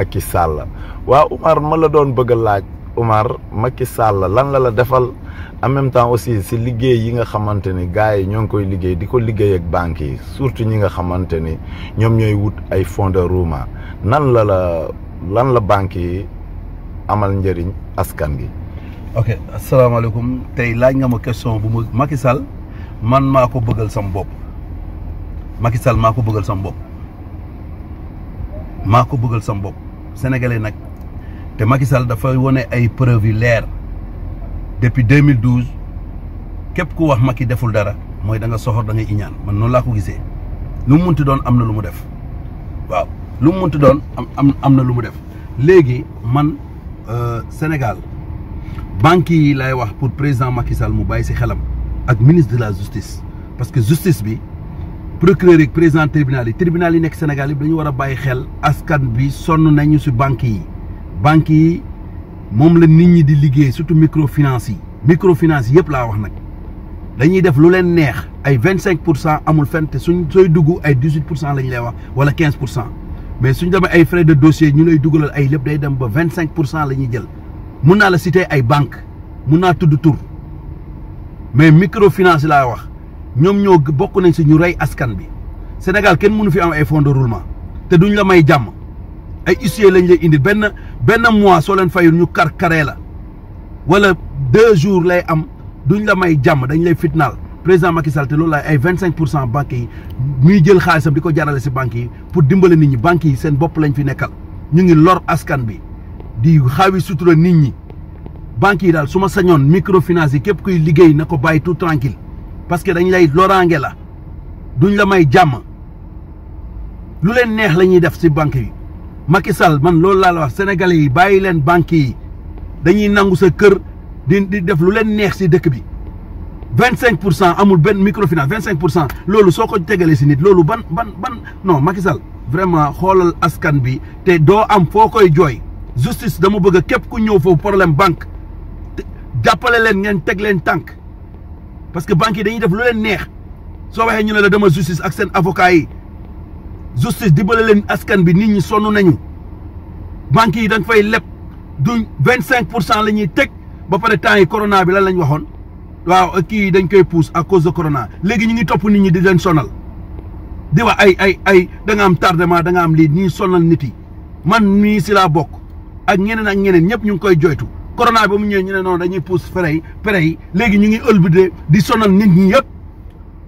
Macky Sall waaw Umar ma la doon bëgg a laaj Umar Macky Sall lan la la defal en même temps aussi si liggéey yi nga xamante ni gars yi ñoo ngi koy liggéey di ko liggéey ak banques yi surtout ñi nga xamante ni ñoom ñooy wut ay fonds de roulement nan la la lan la banques yi amal njëriñ askan gi. ok asalaamaaleykum tey laaj nga ma question bu ma Macky Sall man maa ko bëggal sam bopp Macky Sall maa ko bëggal sam bopp maa ko bëggal sam bopp. sénégalais nag te Macky Sall dafa wone ay preuve yu leer depuis 2012 képp ku wax Macky deful dara mooy da nga soxor da ngay iñaan man noonu laa ko gisee lu mu munti doon am na lu mu def waaw lu mu doon am am na lu mu def léegi man euh, Sénégal banque yi lay wax pour président Macky Sall mu bàyyi si xelam ak ministre de la justice parce que justice bi. procureur yi président tribunal yi tribunal yi nekk Sénégal yi dañu war a bàyyi xel askan bi sonn nañu si banques yi banques yi moom la nit ñi di liggéey surtout microfinance yi microfinance yëpp laa wax nag dañuy def lu leen neex ay vingt cinq pour cent amul fenn te suñ sooy dugg ay dix pour cent la ñu lay wax wala quinze pour cent mais suñ demee ay frais de dossier ñu lay dugalal ay lépp day dem ba vingt cinq pour cent la ñuy jël mun naa la citer ay banques mun naa tudd tur mais microfinance laa wax ñoom ñoo bokk nañ si ñu rey askan bi Sénégal kenn mënu fi am ay fonds de roulement te duñu la may jàmm ay huissier lañ lay indi benn benn mois soo leen fayul ñu kar karee la wala deux jours lay am duñu la may jàmm dañu lay fitnaal président Macky Sall te loolu laay ay vingt cinq pour cent banques yi muy jël xaalisam di ko jarale si banques yi pour dimbale nit ñi banques yi seen bopp lañu fi nekkal ñu ngi lor askan bi di xaawi sutura nit ñi banques yi daal su ma sañoon microfinance képp kuy liggéey na ko bàyyi tout tranquille parce que dañ lay loraange la duñ la may jàmm lu leen neex la ñuy def ci banque yi Macky Sall man loolu laa la wax sénégalais yi bàyyi leen banque yi dañuy nangu sa kër di di def lu leen neex ci dëkk bi vingt cinq pour cent amul benn microfinance vingt cinq pour cent loolu soo ko tegalee ci nit loolu ban ban ban non makisal Sall vraiment xoolal askan bi te doo am foo koy jooy justice dama bëgg képp ku ñëw foofu problème banque jàppale leen ngeen teg leen tànk parce que banque yi dañuy def lu leen neex soo waxee ñu ne la dama justice ak seen avocat yi justice dimbale leen askan bi nit ñi sonn nañu banques yi dañ fay leb duñ vingt cinq pour cent la ñuy teg ba pare temps yi corona bi lan lañ waxoon waaw kii dañ koy pousse à cause de corona léegi ñu ngi topp nit ñi di leen sonal di wax ay ay ay da am tardement da am lii ñuy sonal nit yi man nii si laa bokk ak ñeneen ak ñeneen ñëpp ñu ngi koy joytu corona ba mu ñëwee ñu ne noonu dañuy pousse frais yi léegi ñu ngi ëlbide di sonal nit ñi yëpp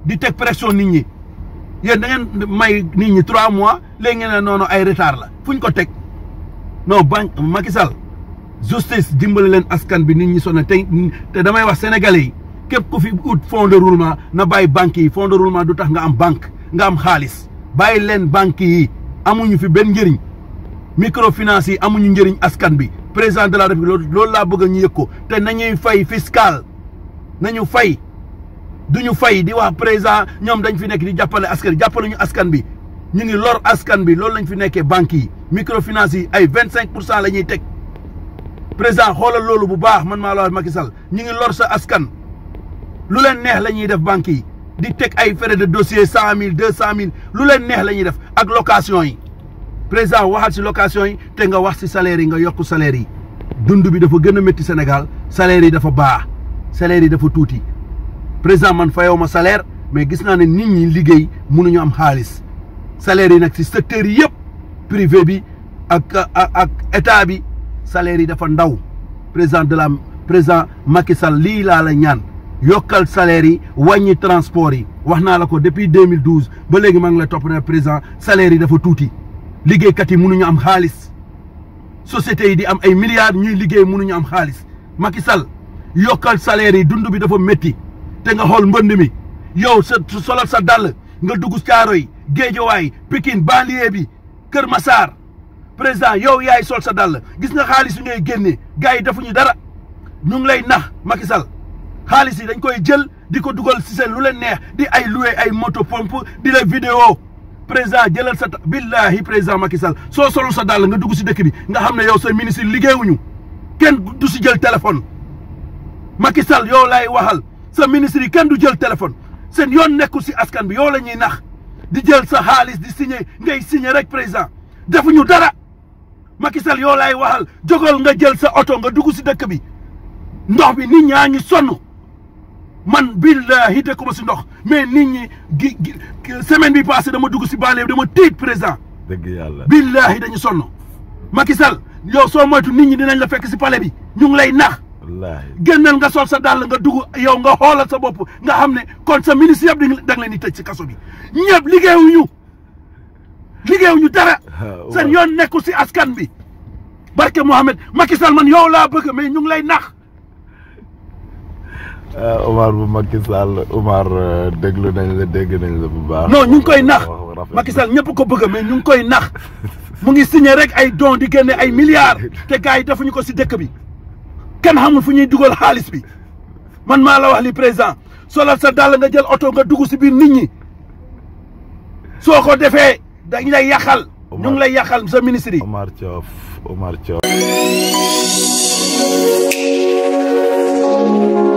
di teg pression nit ñi yéen da ngeen may nit ñi trois mois léegi ngeen ne noonu ay retard la fu ñu ko teg no banque Macky Sall justice dimbali leen askan bi nit ñi sonal te te damay wax sénégalais yi képp ku fi ut fonds de na bàyyi banques yi fonds de du tax nga am banque nga am xaalis bàyyi leen banques yi amuñu fi benn njëriñ microfinance yi amuñu njëriñ askan bi président de la république loolu laa bëgg ñu yëg ko te nañuy fay fiscal nañu fay duñu fay di wax président ñoom dañ fi nekk di jàppale askan jàppale ñu askan bi ñu ngi lor askan bi loolu lañ fi nekkee banques yi microfinance yi ay vingt cinq pour cent la ñuy teg président xoolal loolu bu baax man maa la wax Macky ñu ngi lor sa askan lu leen neex la ñuy def banques yi di teg ay frais de dossier cent mille deux cent mille lu leen neex la ñuy def ak location yi président waxal si location yi te nga wax si salaire yi nga yokk salaire yi dund bi dafa gën a métti Sénégal salaire yi dafa baax salaire yi dafa tuuti président man fayow ma salaire mais gis naa ne nit ñi liggéey mënuñu am xaalis salaire yi nag si secteurs yi yëpp privé bi ak ak état bi salaire yi dafa ndaw président de la président Macky Sall lii laa la ñaan yokkal salaire yi wàññi transport yi wax naa la ko depuis 2012 ba léegi mag la topp ne président salaire yi dafa tuuti. liggéeykat yi mënuñu am xaalis sociétés di am ay milliards ñuy liggéey mënuñu am xaalis Macky Sall yokkal salaire yi dund bi dafa métti te nga xool mbënd mi yow sa solal sa dàll nga dugg caaro yi géejawaay Pikine banlieue bi Kër Massar président yow yaay sol sa dàll gis nga xaalis yi ngay génnee gars yi defuñu dara ñu ngi lay nax Macky Sall xaalis yi dañ koy jël di ko dugal si seen lu leen neex di ay loué ay moto pompe di la vidéo président jëlal sa billahi président Macky Sall soo solul sa dàll nga dugg si dëkk bi nga xam ne yow sa ministre liggéeyuñu kenn du si jël téléphone Macky Sall yow laay waxal sa ministre yi kenn du jël téléphone seen yoon nekkul si askan bi yow la ñuy nax di jël sa xaalis di signé ngay signé rek président defuñu dara Macky Sall yow laay waxal jógal nga jël sa oto nga dugg si dëkk bi ndox bi nit ñaa ngi sonn man billahi dëkkuma si ndox mais nit ñi gi semaine bi passé dama dugg si banlieue dama tiit président. dëgg yàlla billahi dañu sonn. Macky Sall yow soo moytu nit ñi dinañ la fekk si palais bi ñu ngi lay nax. wallaahi génneel nga sol sa dàll nga dugg yow nga xoolal sa bopp nga xam ne kon sa ministre yëpp da nga leen di tëj ci kaso bi ñëpp liggéeyuñu liggéeyuñu dara. seen yoon nekkul si askan bi. barke Mohamed Macky Sall man yow laa bëgg mais ñu ngi lay nax. Euh, Omar bu Macky Sall Omar euh, déglu la dégg nañ la bu baax. non ñu ngi koy nax Macky Sall ñëpp ko bëgg mais ñu ngi koy nax mu ngi signé rek ay don di génne ay milliards te gars yi defuñu ko si dëkk bi kenn xamul fu ñuy dugal xaalis bi man maa la wax li président solal sa dàll nga jël oto nga dugg si biir nit ñi soo ko defee dañ lay yàqal. ñu ngi lay yàqal sa ministre yi. Omar